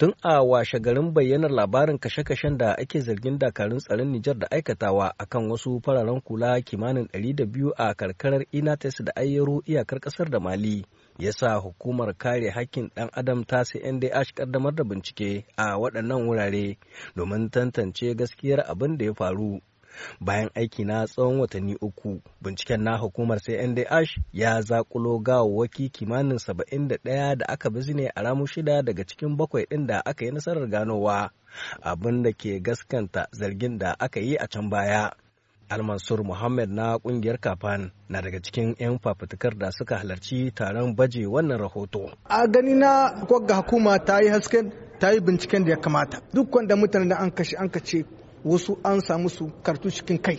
tun a washe garin bayyanar labarin kashe-kashen da ake zargin dakarun tsaron Nijar da aikatawa akan wasu fararen kula kimanin 200 a karkarar Inates da Ayyaro iyakar kasar da Mali ya sa hukumar kare hakkin ɗan adam ta CNDH kaddamar da bincike a waɗannan wurare domin tantance gaskiyar abin da ya faru. bayan aiki na tsawon watanni uku binciken na hukumar sai cndh ya zakulo gawawwaki kimanin 71 da aka bi zine a ramu shida daga cikin bakwai ɗin da aka yi nasarar ganowa abin da ke gaskanta zargin da aka yi a can baya almansur muhammad na kungiyar kafan na daga cikin 'yan fafutukar da suka halarci taron baje wannan rahoto a gani na kwagga hukuma ta yi hasken ta yi binciken da ya kamata duk wanda mutane da an kashe an kace wasu an samu su kartu cikin kai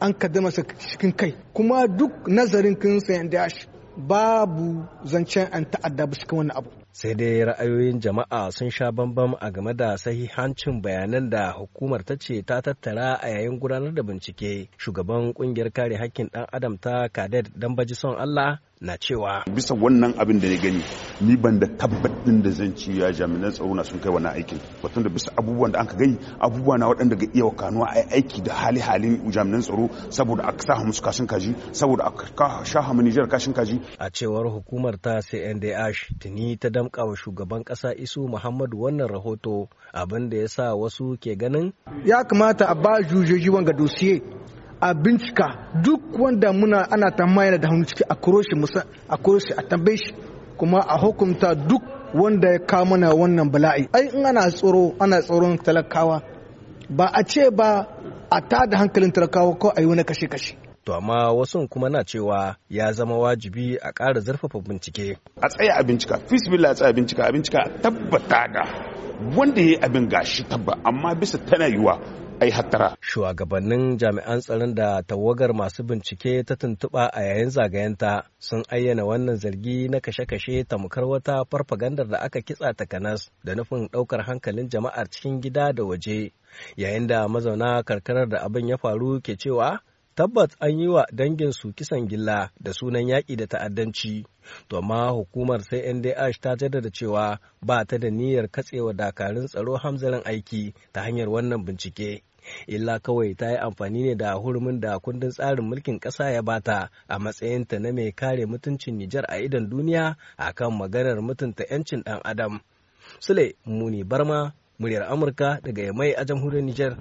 an kaddama su cikin kai kuma duk nazarin kin sayan dash babu zancen an ta'adda ba cikin wani abu sai dai ra'ayoyin jama'a sun sha bambam a game da sahihancin bayanan da hukumar ta ce ta tattara a yayin gudanar da bincike shugaban kungiyar kare hakkin dan adam ta kadet baji son allah na cewa bisa wannan abin da ya gani ni ban da tabbatin da zan ci ya jami'an tsaro na sun kai wannan aikin batun da bisa abubuwan da anka gani abubuwa na waɗanda ga iya kanuwa a aiki da hali halin jami'an tsaro saboda a sa kashin kaji saboda a sha hamu kashin kaji a cewar hukumar ta CNDH tuni ta damƙa wa shugaban ƙasa isu muhammadu wannan rahoto abin da ya sa wasu ke ganin ya kamata a ba jujujuwan wanga dosiye a bincika duk wanda muna ana tambaya da hannu ciki a kuroshi a kuroshi a tambaye shi kuma a hukunta duk wanda ya kawo mana wannan bala'i ai in ana tsoro ana tsoron talakawa ba a ce ba a tada hankalin talakawa ko a yi wani kashe-kashe to amma wasu kuma na cewa ya zama wajibi a ƙara zurfafa bincike a tsaya a bincika fisbilla a tsaya bincika a bincika tabbata ga wanda ya abin gashi tabba amma bisa tana yiwa ai hattara shugabannin jami'an tsaron da tawagar masu bincike ta tuntuɓa a yayin zagayenta sun ayyana wannan zargi na kashe-kashe tamkar wata farfagandar da aka kitsa takanas da nufin ɗaukar hankalin jama'ar cikin gida da waje yayin da mazauna karkarar da abin ya faru ke cewa tabbas an yi wa danginsu kisan gilla da sunan yaƙi da ta'addanci to amma hukumar sai ndh ta jaddada cewa ba ta da niyyar katsewa dakarun tsaro hamzarin aiki ta hanyar wannan bincike illa kawai ta yi amfani ne da hurumin da kundin tsarin mulkin ƙasa ya bata a matsayinta na mai kare mutuncin nijar a idon duniya a kan maganar mutunta 'yancin ɗan adam sule muni barma muryar amurka daga yamai a jamhuriyar nijar